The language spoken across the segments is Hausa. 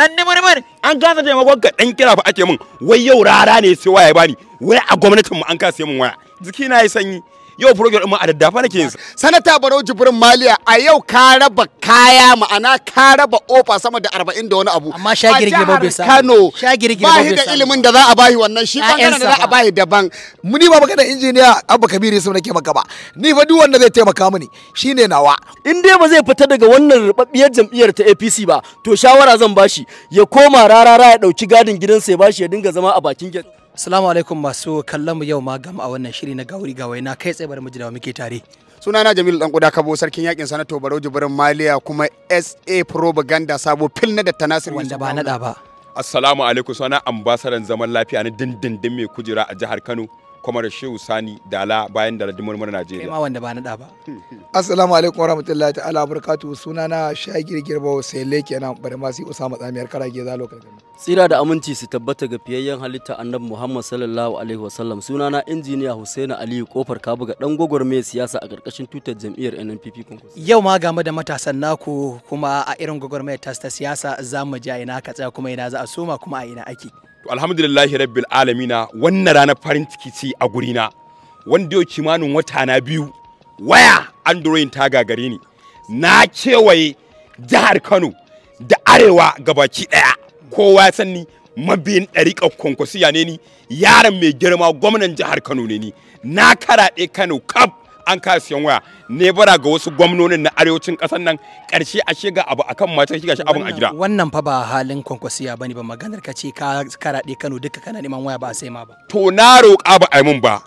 dan nimurmur an kasa taimakon ka dan kira fa ake min wai yau rara ne sai waya bani wai a gwamnatin mu an kasa mun waya jiki na yi sanyi yau program ma a daddafa nake yin sanata barau jibrin maliya a yau ka raba kaya ma'ana ka raba ofa sama da 40 da wani abu amma shagirgi ba bai Kano bahi da ilimin da za a bahi wannan shi bangaren da za a bahi daban ni ba magana injiniya Abba Kabiru sun nake maka ba ni fa duk wanda zai taimaka mini shine nawa in dai ba zai fita daga wannan rubabbiyar jam'iyyar ta APC ba to shawara zan bashi ya koma rarara ya dauki gadin gidansa ya bashi ya dinga zama a bakin gidan Salamu alaikum masu kallon mu yau ma a wannan shiri na gauri ga waina kai tsaye bari mu ji da muke tare. Sunana Jamilu dan kuda kabo sarkin yakin sanato Baro Jibrin Maliya kuma SA Propaganda sabo fil na da Tanasir wanda ba na nada ba. Assalamu alaikum sana ambasadan zaman lafiya na dindindin mai kujera a jihar Kano kwamar shehu sani dala bayan da radimar mura najeriya kai ma wanda ba na da ba assalamu alaikum warahmatullahi ta'ala barakatuhu sunana shagir girba bari ma usama tsamiyar karage zalo tsira da aminci su tabbata ga fiyayyen halitta annabi muhammad sallallahu alaihi wasallam sunana injiniya husaina aliyu kofar ga dan gwagwarmayar siyasa a karkashin tutar jam'iyyar nnpp yau ma game da matasan naku kuma a irin gwagwarmayar ta siyasa za mu ja ina ka tsaya kuma ina za a soma kuma a ina ake to alhamdulillahi rabbil alamina wannan ranar farin ciki ce a gurina wanda yau kimanin wata na biyu waya android ta gagare ni na kewaye jihar kano da arewa gabaki daya kowa ya sanni mabiyin ɗariƙa kwankwasiya ne ni yaron mai girma gwamnan jihar kano ne ni na karaɗe kano kaf an ka siyan waya ne bara ga wasu gwamnonin na arewacin kasar nan karshe a shiga abu akan mata shiga shi abin a gida wannan fa ba halin kwankwasiya bane ba maganar ka ce ka karaɗe Kano duka kana neman waya ba a sai ma ba to na roƙa ba a yi mun ba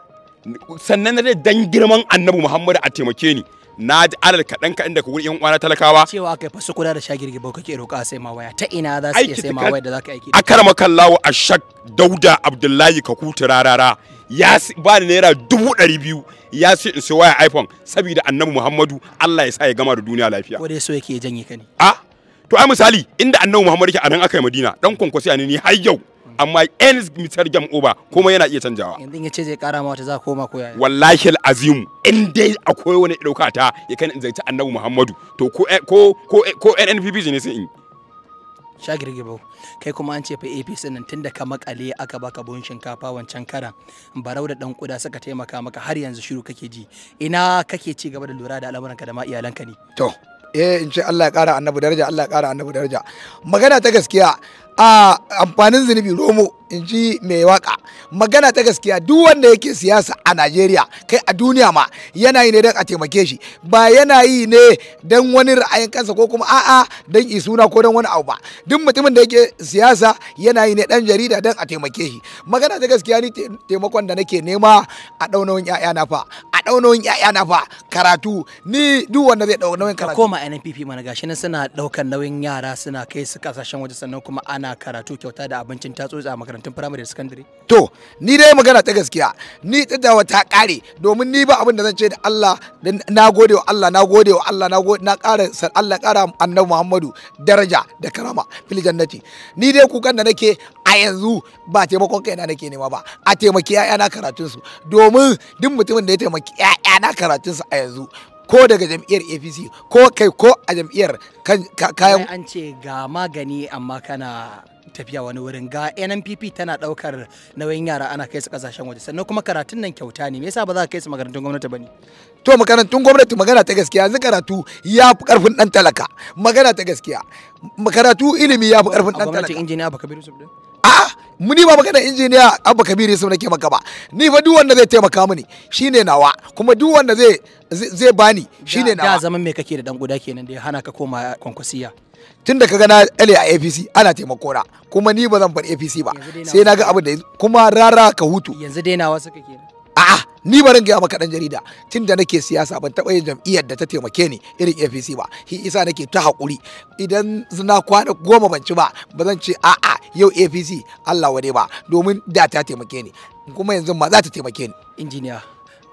sannan na dan girman annabi Muhammadu a taimake ni na ji alal kaɗan kaɗan da wurin yan uwana talakawa cewa akai fa kula da shagirgi ba kake roƙa sai ma waya ta ina za su iya sai ma waya da ka aiki akarma kallawo ashak dauda abdullahi kakutu rarara ya ba ni naira dubu ɗari biyu ya ce in sai waya iphone saboda annabi muhammadu allah ya sa ya gama da duniya lafiya ko dai so yake janye ka ne a ah, to ai misali inda annabi muhammadu ke a nan aka yi madina dan kwankwasi ne ni har yau amma any misar game over kuma yana iya canjawa yanzu ya ce zai kara ma wata za koma ko yaya wallahi alazim in dai akwai wani dauka ta ya kan zai ta annabi muhammadu to ko eh, ko ko ko NNPP ne sai in shagirgibau kai kuma an ce fa apc nan tunda ka makale aka baka buhun shinkafa wancan karan barau da dan kuda suka taimaka maka har yanzu shiru kake ji ina kake ci gaba da lura da al'amuranka da ma iyalanka ne to eh in ce Allah ya kara annabi daraja Allah ya kara annabi daraja magana ta gaskiya a amfanin zunubi romo in ji mai waka magana ta gaskiya duk wanda yake siyasa a najeriya kai a duniya ma yana yi ne don a taimake shi ba yana yi ne don wani ra'ayin kansa ko kuma a'a don isuna ko don wani abu ba duk mutumin da yake siyasa yana ne dan jarida don a taimake shi magana ta gaskiya ni taimakon da nake nema a daunawan 'ya'ya na fa a daunawan 'ya'ya na fa karatu ni duk wanda zai dauka nauyin karatu koma NPP mana gashi na suna daukan nauyin yara suna kai su kasashen waje sannan kuma an ana karatu kyauta da abincin tatsotsi a makarantun firamare da sakandare to ni dai magana ta gaskiya ni tsadawa ta kare domin ni ba abin da zan ce da Allah na gode wa Allah na gode wa Allah na gode na Allah ƙara annabi Muhammadu daraja da karama fil jannati ni dai kukan da nake a yanzu ba taimakon kai na nake nema ba a taimaki na karatunsu domin duk mutumin da ya taimaki na karatunsu a yanzu ko daga jam'iyyar apc ko kai ko a jam'iyyar kayan an ce ga magani amma kana tafiya wani wurin ga nnpp tana daukar nauyin yara ana kai su kasashen waje sannan kuma karatun nan kyauta ne me yasa ba za ka kai su makarantun gwamnati ba ne to makarantun gwamnati magana ta gaskiya yanzu karatu ya fi karfin dan talaka magana ta gaskiya karatu ilimi ya fi karfin dan talaka gwamnatin injiniya baka kabiru su a ni ba magana injiniya abba kabir yusuf ke maka ba ni fa duk wanda zai taimaka mini shine nawa kuma duk wanda zai zai bani shine nawa da zaman me kake da dan guda kenan da ya hana ka koma kwankwasiya tun da kaga na ale a APC ana taimako na kuma ni ba zan bar APC ba sai na ga abin da kuma rara ka hutu yanzu dai nawa suka kenan a'a ni ba ran gaya maka dan jarida tun da nake siyasa ban taɓa yin jam'iyyar da ta taimake ni irin APC ba shi isa nake ta haƙuri idan na kwana goma ban ci ba ba zan ce a'a yau apc allah wadai ba domin da ta taimake ni kuma yanzu ma za ta taimake ni injiniya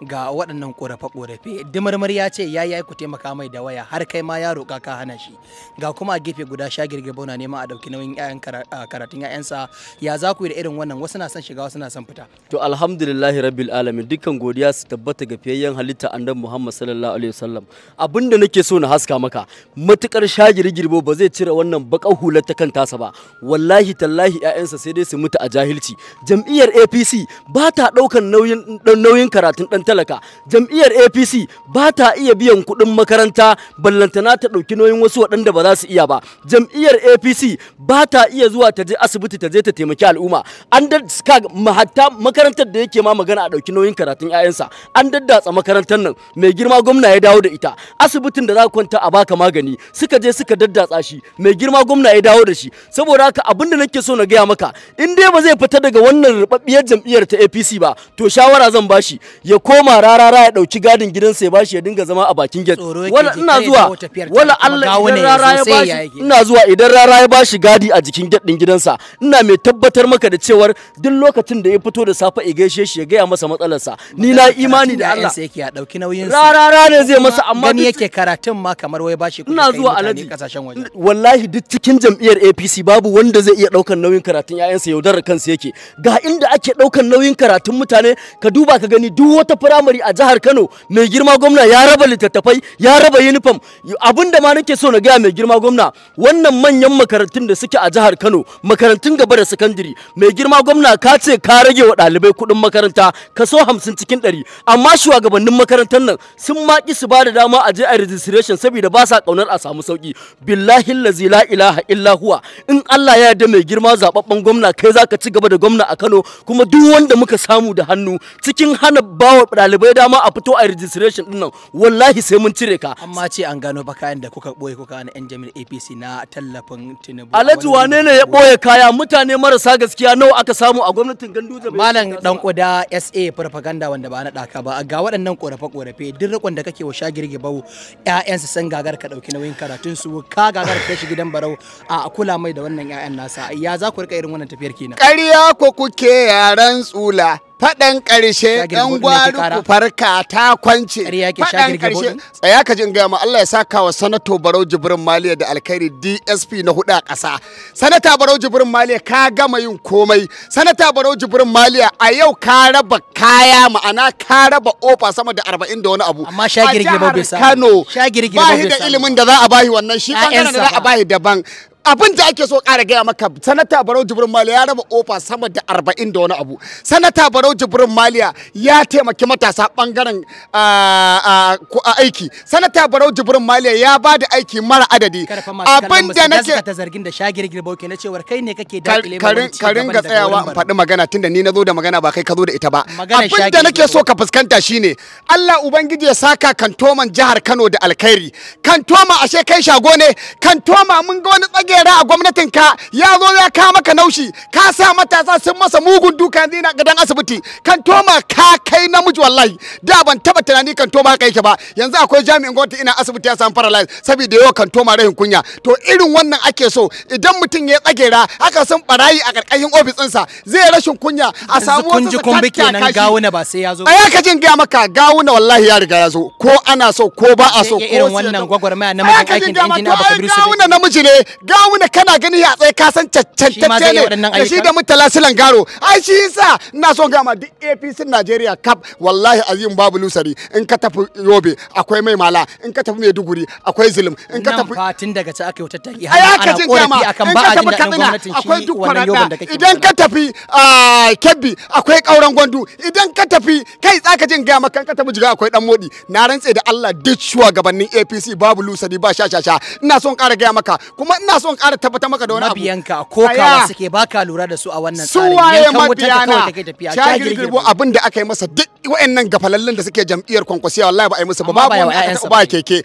ga waɗannan ƙorafe-ƙorafe dimarmar ya ce ya yi ku taimaka mai da waya har kai ma ya roƙa ka hana shi ga kuma a gefe guda girgir bauna neman a ɗauki nauyin ƴaƴan karatun ƴaƴansa ya za ku yi da irin wannan wasu na son shiga wasu na son fita to alhamdulillah rabbil alamin dukkan godiya su tabbata ga fiyayyen halitta annabi muhammad sallallahu alaihi wasallam abinda nake so na haska maka matukar shagirgir ba zai cire wannan baƙar hular ta kan tasa ba wallahi tallahi 'ya'yansa sai dai su mutu a jahilci jam'iyyar apc ba ta ɗaukan nauyin karatun ɗan talaka jam'iyyar apc ba ta iya biyan kuɗin makaranta ballantana ta ɗauki nauyin wasu waɗanda ba za su iya ba jam'iyyar apc ba ta iya zuwa ta je asibiti ta je ta taimaki al'umma an da mahatta makarantar da yake ma magana a ɗauki nauyin karatun 'ya'yansa an daddatsa makarantar nan mai girma gwamna ya dawo da ita asibitin da za kwanta a baka magani suka je suka daddatsa shi mai girma gwamna ya dawo da shi saboda haka abin da nake so na gaya maka in dai ba zai fita daga wannan rubabbiyar jam'iyyar ta apc ba to shawara zan bashi ya ko koma rarara ya dauki gadin gidansa ya bashi ya dinga zama a bakin gate wala ina zuwa wala Allah idan rara ya bashi ina zuwa idan rara ya bashi gadi a jikin gate din gidansa ina mai tabbatar maka da cewar duk lokacin da ya fito da safa ya gaishe shi ya gaya masa matsalarsa ni na imani da Allah yake ya dauki nauyin sa rara ne zai masa amma ni yake karatun ma kamar wai bashi ina zuwa alaji kasashen waje wallahi duk cikin jam'iyyar APC babu wanda zai iya daukan nauyin karatun ƴaƴansa yaudarar kansa yake ga inda ake daukan nauyin karatun mutane ka duba ka gani duk wata firamare a jihar Kano mai girma gwamna ya raba littattafai ya raba uniform abinda ma nake so na gaya mai girma gwamna wannan manyan makarantun da suke a jihar Kano makarantun gaba da sakandiri mai girma gwamna ka ce ka rage wa ɗalibai kuɗin makaranta kaso hamsin cikin ɗari amma shugabannin makarantar nan sun ma ki su ba da dama a je a registration saboda ba sa ƙaunar a samu sauki billahi lazi la ilaha illa huwa in Allah ya yarda mai girma zababben gwamna kai zaka ci gaba da gwamna a Kano kuma duk wanda muka samu da hannu cikin hana bawa ɗalibai dama a fito a registration din nan wallahi sai mun cire ka amma ce an gano ba kayan da kuka boye kuka na yan jami'ar APC na tallafin Tinubu Alhaji wane ne ya boye kaya mutane marasa gaskiya nawa aka samu a gwamnatin Ganduje Malam dan koda SA propaganda wanda ba na daka ba ga waɗannan korafe korafe duk rakon da kake wa shagirge bawo ƴaƴansa san gagar ka dauki nauyin karatun su ka gagar ka shi gidan barau a kula mai da wannan ƴaƴan nasa ya za ku rika irin wannan tafiyar kenan ƙarya ko kuke yaran tsula faɗan ƙarshe ɗan gwari ku farka ta kwance faɗan ƙarshe tsaya ka jin gama Allah ya saka wa sanato Barau Jibrin Maliya da alkhairi DSP na huɗa a ƙasa sanata Barau Jibrin Maliya ka gama yin komai sanata Barau Jibrin Maliya a yau ka raba kaya ma'ana ka raba ofa sama da arba'in da wani abu amma shagirgi ba bai samu Kano ba da ilimin da za a bahi wannan shi bangaren da za a bahi daban abin da ake so ƙara gaya maka sanata barau jibrin maliya ya raba ofa sama da arba'in da wani abu sanata barau jibrin maliya ya taimaki matasa ɓangaren aiki sanata barau jibrin maliya ya ba da aiki mara adadi abin da nake ta zargin da shagir girbauke na cewar kai ne kake dakile ka ringa tsayawa in faɗi magana tunda ni na zo da magana ba kai ka zo da ita ba abin da nake so ka fuskanta shine Allah ubangiji ya saka kantoman jihar Kano da alkhairi kantoma ashe kai shago ne kantoma mun ga wani tsagi gera a gwamnatin ka ya zo ya ka maka naushi ka sa matasa sun masa mugun duka yanzu yana gadan asibiti kan toma ka kai namiji wallahi da ban taba tunani kan toma kai ke ba yanzu akwai jami'in gwamnati ina asibiti ya san paralyze saboda yau kan toma rahin kunya to irin wannan ake so idan mutum ya tsagera aka san barayi a karkashin office din sa zai rashin kunya a samu wani wasu su kenan gawuna ba sai ya zo a ka jin ga maka gawuna wallahi ya riga ya zo ko ana so ko ba a so ko irin wannan gwagwarmaya na mutum aikin injin abu kabiru su gawuna namiji ne ga muna kana gani ya tsaye ka san cancantacce ne da shi da mutala silan garo ai shi yasa ina so ga ma duk APC nigeria cup wallahi azim babu lusari in ka tafi Yobe akwai mai mala in ka tafi Maiduguri akwai zulum in ka tafi fatin daga ci aka yi wata taki ana korafi akan ba a jin gwamnatin shi duk yoban da idan ka tafi ah, Kebbi akwai kauran gwandu idan ka tafi kai tsaka jin ga maka ka tafi jiga akwai dan modi na rantse da Allah duk shugabannin APC babu lusari ba shashasha ina son ƙara gaya maka kuma ina so son kara ƙara tabbatar maka da wani abu mabiyanka ko ka suke baka lura da su a wannan tsarin yankan wutar da kawai take tafiya girgirbo abin da aka yi masa duk wa'annan gafalallen da suke jam'iyyar kwankwasiya wallahi ba a yi musu ba babu wani aka ba keke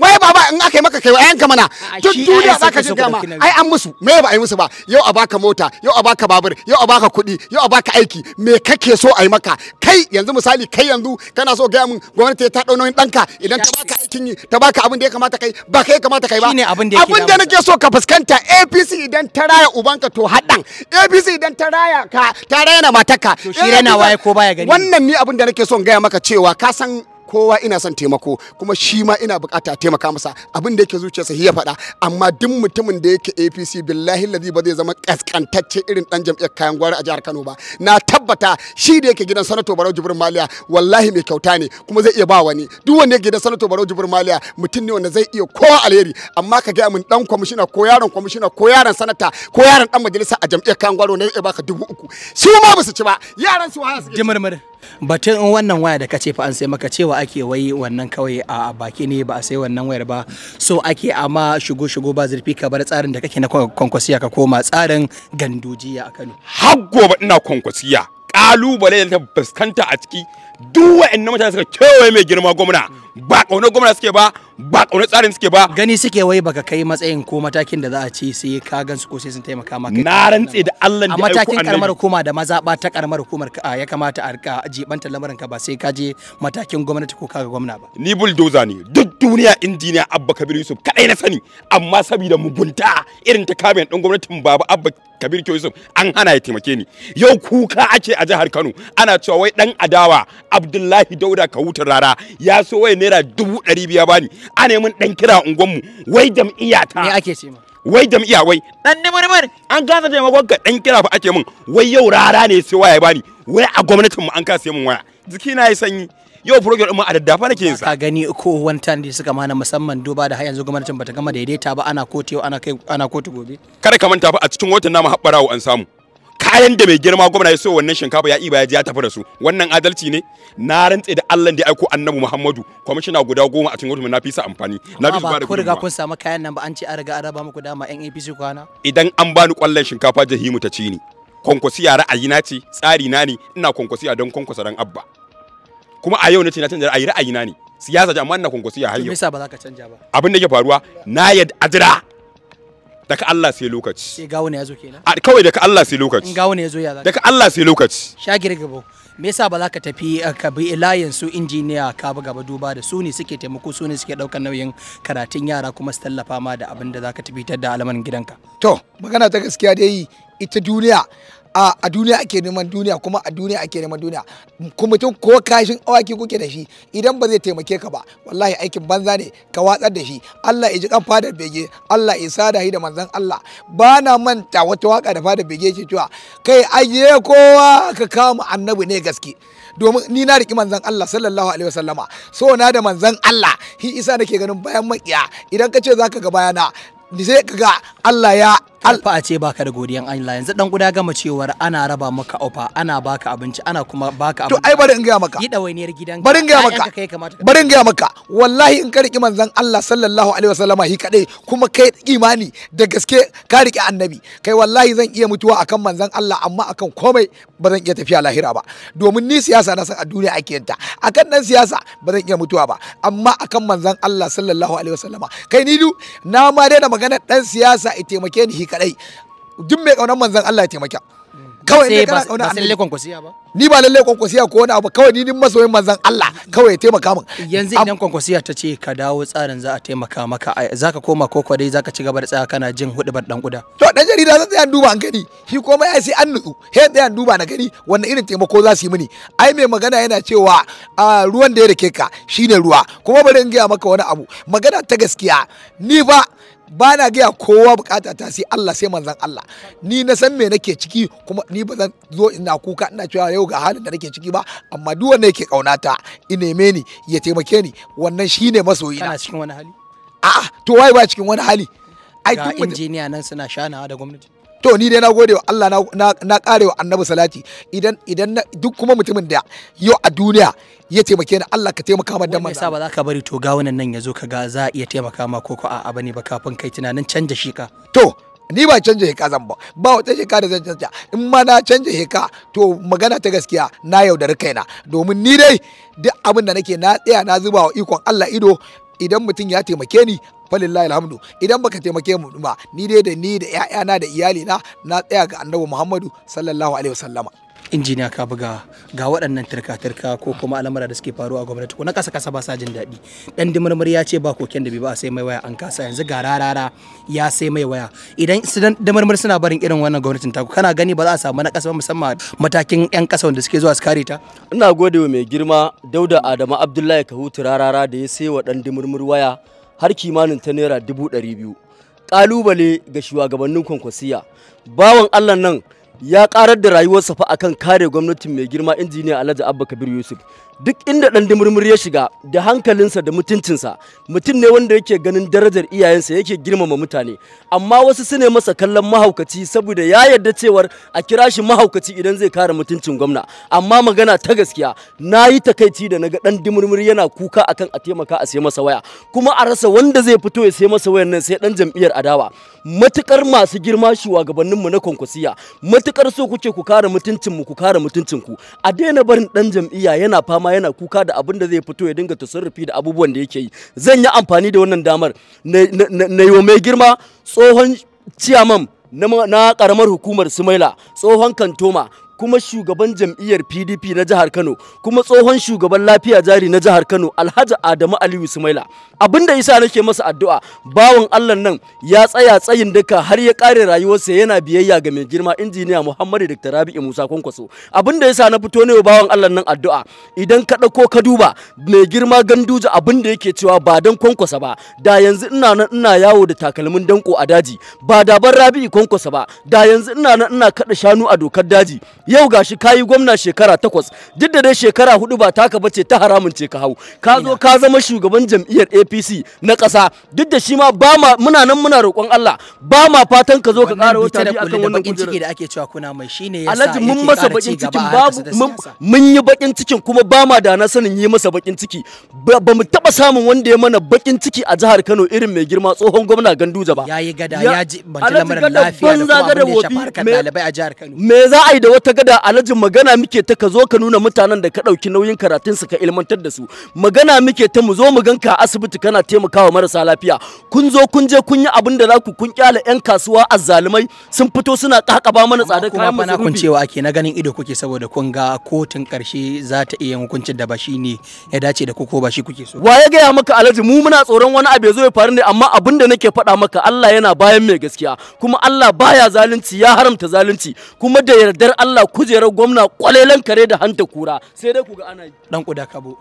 wai baba in aka yi maka kai wa'ayanka mana duk duniya za ka ji dama ai an musu me ba a yi musu ba yau a baka mota yau a baka babur yau a baka kuɗi yau a baka aiki me kake so a yi maka kai yanzu misali kai yanzu kana so gaya min gwamnati ta ɗau nauyin ɗanka idan ta baka aikin yi ta baka abin da ya kamata kai ba kai kamata kai ba abin da nake so ka fuskanta APC idan ta raya ubanka to haɗan mm. APC idan ta raya ka ta raya na mataka to shi rana waye ko baya gani wannan ni abin da nake son gaya maka cewa ka san kowa ina son taimako kuma shi ma ina bukata taimaka masa abin da yake zuciyarsa ya faɗa amma duk mutumin da yake APC billahi lazi ba zai zama kaskantacce irin dan jam'iyyar kayan gwari a jihar Kano ba na tabbata shi da yake gidan sanato Barau Jibrin Maliya wallahi mai kyauta ne kuma zai iya ba wani duk wanda yake gidan sanato Barau Jibrin Maliya mutum ne wanda zai iya ko alheri amma ka ga mun dan kwamishina ko yaron kwamishina ko yaron sanata ko yaron dan majalisa a jam'iyyar kayan gwari ne zai baka dubu uku shi ma ba su ci ba yaran su su batun wannan waya da kace fa an sai maka cewa ake wai wannan kawai a baki ne ba a sai wannan wayar ba so ake amma shigo shigo ba zurfi ka bar tsarin da kake na kwankwasiya ka koma tsarin gandujiya a Kano har gobe ina kwankwasiya kalubale da fuskanta a ciki duk wa'annan mutane suka kewaye mai girma gwamna ba kauna gwamna suke ba ba ƙaunar tsarin suke ba gani suke wai baka kai matsayin ko matakin da za a ce sai ka gansu ko sai sun taimaka maka na rantse da Allah da matakin karamar hukuma da mazaba ta karamar hukumar ka ya kamata a rika jibanta lamarin ka ba sai ka je matakin gwamnati ko kaga gwamna ba ni bulldozer ne duk duniya injiniya Abba Kabir Yusuf kadai na sani amma saboda mugunta irin ta kamen dan gwamnatin Baba Abba Kabir Yusuf an hana ya taimake ni yau kuka ake a jihar Kano ana cewa wai dan adawa Abdullahi Dauda ka Kawutar Rara ya so wai naira dubu ɗari biya bani a neman dan kira unguwanmu wai jam'iyya ta me ake ce ma wai jam'iyya wai dan nimurmur an kasa taimakon ka dan kira fa ake min wai yau rara ne sai waya bani wai a gwamnatin mu an kasa mun waya jiki na yi sanyi yau program din mu a daddafa nake yin sa ka gani ko wantan da suka mana musamman duba da har yanzu gwamnatin bata gama daidaita ba ana kotu ana kai ana kotu gobe kada ka manta fa a cikin watan namu habbarawo an samu kayan da mai girma gwamna ya so wannan shinkafa ya iba ya ji ya tafi da su wannan adalci ne na rantse da Allah da ya aiko annabi Muhammadu kwamishina guda goma a cikin gwamnati na fi sa amfani na fi ba da riga kun samu kayan nan ba an ce an riga an raba muku dama yan APC kwana idan an bani kwallon shinkafa jahimu ta ci ni kwankwasiya ra'ayina ce tsari na ne ina a don kwankwasa ran abba kuma a yau na ce na ayi ra'ayi ra'ayina ne siyasa jama'a ina kwankwasiya har yau me yasa ba za ka canja ba abin da ke faruwa na yadda ajira daga Allah sai lokaci sai ga wani yazo kenan a kawai daga Allah sai lokaci in ga wani yazo ya daga Allah sai lokaci shagir gabo me yasa ba za ka tafi eh, ka bi alliance su injiniya ka bi gaba duba da su ne suke taimako su ne suke daukar nauyin karatun yara kuma su tallafa ma da abin da za ka tafi da alaman gidanka to magana ta gaskiya dai ita duniya a a duniya ake neman duniya kuma a duniya ake neman duniya kuma mutum ko kashin awaki kuke da shi idan ba zai taimake ka ba wallahi aikin banza ne ka watsar da shi Allah ya ji kan fadar bege Allah ya sada shi da manzon Allah ba na manta wata waka da fadar bege ce cewa kai aje kowa ka kama annabi ne gaske domin ni na riki manzon Allah sallallahu alaihi wasallama so na da manzon Allah shi isa nake ganin bayan makiya idan ka ce zaka ga bayana sai ka ga Allah ya alfa ce baka da godiyan Allah yanzu dan guda gama cewar ana raba maka ofa ana baka abinci ana kuma baka abinci to ai bari in ga maka yi dawainiyar gidan bari in ga maka bari in ga maka wallahi in ka riki manzon Allah sallallahu alaihi wasallama hi kadai kuma kai imani da gaske ka riki annabi kai wallahi zan iya mutuwa akan manzon Allah amma akan komai ba zan iya tafiya lahira ba domin ni siyasa na san a duniya ake yanta akan dan siyasa ba zan iya mutuwa ba amma akan manzon Allah sallallahu alaihi wasallama kai ni du na ma daina magana dan siyasa i taimake ni kadai duk mai kaunar manzon Allah ya taimaka kawai ne kana kauna ba lalle kwankwasiya ba ni ba lalle kwankwasiya ko wani abu kawai ni din masoyin manzon Allah kawai ya taimaka min yanzu idan kwankwasiya ta ce ka dawo tsarin za a taimaka maka zaka koma ko kwa za zaka ci gaba da tsaya kana jin hudubar dan guda to dan jarida zan tsaya duba an gani shi komai ai sai an nutsu he tsaya duba na gani wannan irin taimako za su yi mini ai mai magana yana cewa ruwan da ya rike ka shine ruwa kuma bari in gaya maka wani abu magana ta gaskiya ni ba ba na gaya kowa bukata ta sai Allah sai manzan Allah ni na san me nake ciki kuma ni ba zan zo ina kuka ina cewa yau ga halin da nake ciki ba amma duk wanda yake kaunata ineme ni ya taimake ni wannan shine masoyina na cikin wani hali a'a to wai ba cikin wani hali ai duk injiniya nan suna shanawa da gwamnati to ni dai na gode wa Allah na kare wa annabi salati idan idan duk kuma mutumin da yau a duniya ya taimake ni Allah ka taimaka ma dan manzo ba za ka bari to ga wannan nan yazo ka ga za a iya taimaka ma ko ko a'a bane ba kafin kai tunanin canja shi ka to ni ba canja ka zan ba ba wata heka da zan canja in ma na canja heka to magana ta gaskiya na yaudari kaina domin ni dai duk abin da nake na tsaya na zuba wa ikon Allah ido idan mutum ya taimake ni falillahi alhamdu idan baka taimake mu ba ni dai da ni da ƴaƴana da iyali na na tsaya ga annabi Muhammadu sallallahu alaihi wasallama injiniya ka buga ga waɗannan turka-turka ko kuma al'amura da suke faru a gwamnati ko na kasa kasa ba sa jin daɗi ɗan dimarmar ya ce ba koken da bai ba a sai mai waya an kasa yanzu ga rarara ya sai mai waya idan su dan suna barin irin wannan gwamnatin taku kana gani ba za a samu na kasa musamman matakin yan kasa wanda suke zuwa su kare ta ina gode wa mai girma dauda adama abdullahi kahutu rarara da ya sai wa dan dimarmar waya har kimanin ta naira dubu ɗari biyu ƙalubale ga shugabannin kwankwasiya bawan allah nan ya ƙarar da rayuwarsa fa akan kare gwamnatin mai girma injiniya alhaji abba kabir yusuf duk inda ɗan dimurmur ya shiga da hankalinsa da mutuncinsa mutum ne wanda yake ganin darajar iyayensa yake girmama mutane amma wasu su ne masa kallon mahaukaci saboda ya yarda cewar a kira shi mahaukaci idan zai kare mutuncin gwamna amma magana ta gaskiya na yi takaici da naga ɗan dimurmur yana kuka akan a taimaka a sai masa waya kuma a rasa wanda zai fito ya sai masa wayan nan sai ɗan jam'iyyar adawa matukar masu girma shugabanninmu na kwankwasiya matukar so kuke ku kare mutuncinmu ku kare mutuncinku a daina barin ɗan jam'iyya yana fama yana kuka da abin da zai fito ya dinga tasarrufi da abubuwan da yake yi zan yi amfani da wannan damar na yi mai girma tsohon ciyaman na karamar hukumar sumaila tsohon kantoma kuma shugaban jam'iyyar PDP na jihar Kano kuma tsohon shugaban lafiya jari na jihar Kano Alhaji Adamu Aliyu Sumaila abinda yasa nake masa addu'a bawan Allah nan ya tsaya tsayin duka har ya kare rayuwarsa yana biyayya ga mai girma injiniya Muhammadu Dr. Rabi'u Musa Kwankwaso abinda yasa na fito ne bawan Allah nan addu'a idan ka dauko ka duba mai girma ganduje abinda yake cewa ba dan Kwankwaso ba da yanzu ina nan ina yawo da takalmin danko a daji ba da ban Rabi'u Kwankwasa ba da yanzu ina nan ina kada shanu a dokar daji yau gashi kayi gwamna shekara takwas duk da dai shekara hudu ba taka bace ta haramun ce ka hau ka zo ka zama shugaban jam'iyyar APC na ƙasa duk da shi ma ba ma muna nan muna roƙon Allah ba ma fatan ka zo ka ƙara wata biyu akan wannan bakin ciki da ake cewa kuna mai shine yasa Alhaji mun masa bakin cikin babu mun yi bakin cikin kuma ba ma da na sanin yi masa bakin ciki ba mu taba samun wanda ya mana bakin ciki a jihar Kano irin mai girma tsohon gwamna Ganduje ba yayi gada ya ji ban lamarin lafiya da kuma abin da ya shafi ɗalibai a jihar Kano me za a yi da wata kaga da alhajin magana muke ta ka zo ka nuna mutanen da ka ɗauki nauyin karatun su ka ilmantar da su magana muke ta mu zo mu ganka asibiti kana taimakawa marasa lafiya kun zo kun je kun yi abin da za ku kun kyale yan kasuwa azzalumai sun fito suna kakaba mana tsada kuma masarufi kuma kun cewa ake na ganin ido kuke saboda kun ga kotun karshe za ta iya hukuncin da ba shi ne ya dace da ku ko ba shi kuke so wa ya gaya maka alhaji mu muna tsoron wani abu ya zo ya faru ne amma abin da nake faɗa maka Allah yana bayan mai gaskiya kuma Allah baya zalunci ya haramta zalunci kuma da yardar Allah kujerar gwamna kwalelan kare da hanta kura sai dai ku ga ana dan kuda kabo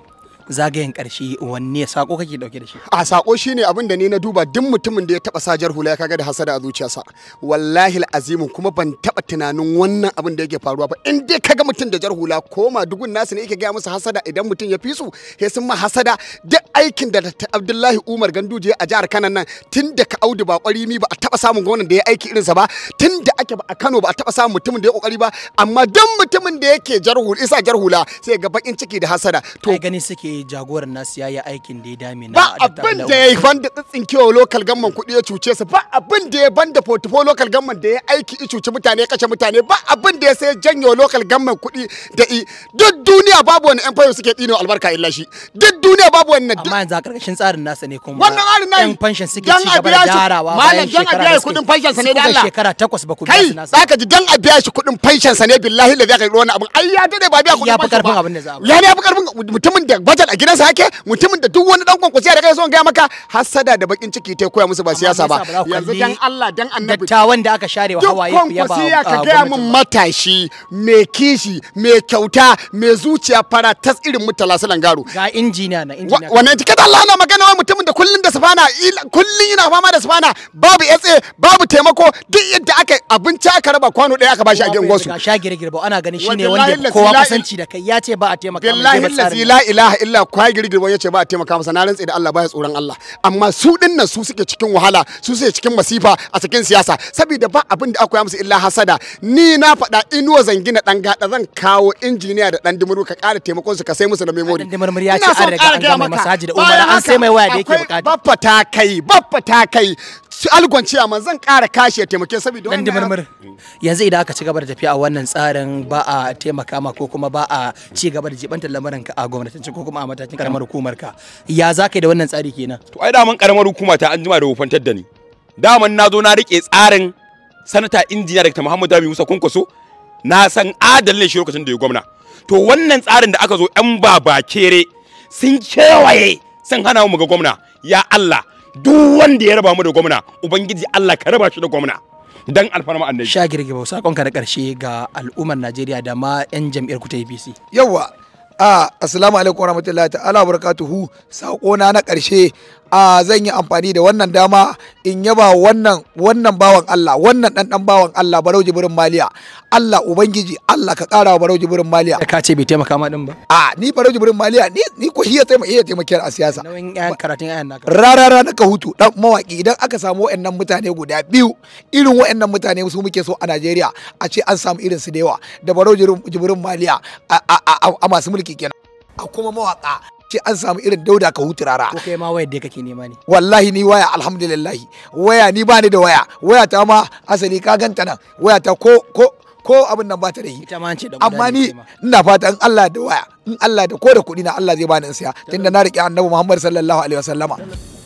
zagayen karshe wanne sako kake dauke da shi a sako shine abin da ni na duba duk mutumin da ya taba sajar hula ya kaga da hasada a zuciyarsa wallahi alazim kuma ban taba tunanin wannan abin da yake faruwa ba in dai kaga mutum da jar hula koma dugun nasu ne yake gaya musu hasada idan mutum ya fi su sun ma hasada duk aikin da Abdullahi Umar Ganduje a jihar Kano nan tun ka audu ba kwari mi ba a taba samun gwamnan da ya aiki irin sa ba tun da ake ba a Kano ba a taba samun mutumin da ya kokari ba amma duk mutumin da yake jar hula isa jar hula sai ga bakin ciki da hasada to gani suke dai jagoran nasu ya yi aikin da ya dame na ba abin da ya yi banda tsitsin kiwo local gamman kuɗi ya cuce su ba abin da ya banda portfolio local gamman da ya aiki ya cuci mutane ya kashe mutane ba abin da ya sai janyo local gamman kuɗi da i duk duniya babu wani empire suke dino albarka illa shi duk duniya babu wani amma yanzu a karkashin tsarin nasa ne kuma wannan tsarin nan pension suke ci gaba da darawa bayan shekara kuɗin pension sa ne da Allah shekara takwas ba ku biya su nasa zaka ji dan a biya shi kuɗin pension sa ne billahi la zaka yi wani abin ai ya dade ba biya kuɗin ba ya fi karfin abin da za a ya ne ya fi karfin mutumin da budget a gidansa hake mutumin da duk wani dan kwankwasi ya daga son gaya maka hasada da bakin ciki tai koya musu ba siyasa ba yanzu dan Allah dan annabi dattawan da aka share wa hawaye ya ba ya ka gaya mun matashi me kishi me kyauta me zuciya fara tas irin mutala garo ga injiniya na injiniya wannan da Allah na magana wa mutumin da kullun da sufana kullun yana fama da sufana babu sa babu taimako duk yadda aka abinci aka raba kwano daya aka bashi a gidan gosu ga shagire girba ana ganin shine wanda kowa kusanci da kai ya ce ba a taimaka billahi la ilaha illa yana wani ya ce ba a taimaka masa na rantse da Allah ba ya tsoron Allah amma su din nan su suke cikin wahala su suke cikin masifa a cikin siyasa saboda ba abin da aka yi musu illa hasada ni na faɗa inuwa zangina dan gada zan kawo injiniya da dan dimuru ka ƙara taimakon su ka sai musu da memory dan dimuru ya ce an riga an masaji da umar an sai mai waya da yake bukata baffa ta kai baffa ta kai algwanci amma zan ƙara kashi ya taimake saboda wannan dimurmur yanzu idan aka ci gaba da tafiya a wannan tsarin ba a taimaka ma ko kuma ba a ci gaba da jibantar lamarin ka a gwamnatance ko kuma a matakin karamar hukumar ka ya za ka yi da wannan tsari kenan to ai daman karamar hukuma ta an jima da wufantar da ni daman na zo na rike tsarin sanata injiniya daga Muhammadu dami Musa kunkaso na san adalin shi lokacin da ya gwamna to wannan tsarin da aka zo yan baba kere sun kewaye sun hana mu ga gwamna ya Allah duk wanda ya raba mu da gwamna ubangiji Allah ka raba shi da gwamna dan alfarma annabi sha girgiba ka na karshe ga al'ummar Najeriya da ma yan jam'iyyar ku ta APC yawa a asalamu alaikum warahmatullahi ta'ala barakatuhu sako na na karshe a zan yi amfani da wannan dama in yaba wannan wannan bawan Allah wannan dan dan bawan Allah barauji burin Maliya Allah ubangiji Allah ka kara wa Barau Jibrin Maliya ka ce bai taimaka ma din ba a ni barauji burin Maliya ni ni ko hiya taima iya taimaki a siyasa nauyin yan karatun yan naka rarara naka hutu dan mawaki idan aka samu wayannan mutane guda biyu irin wayannan mutane su muke so a Najeriya a ce an samu irin su da yawa da barauji burin Maliya a masu mulki kenan a kuma mawaka ce an samu irin dauda ka rara ko kai ma wayar da kake nema ne wallahi ni waya alhamdulillah waya ni ba ni da waya waya ta ma asali ka ganta nan waya ta ko ko ko abin nan ba ta da yi amma ni ina fata in Allah da waya in Allah da ko da kuɗi na Allah zai bani in siya tunda na riƙe annabi Muhammad sallallahu alaihi wasallama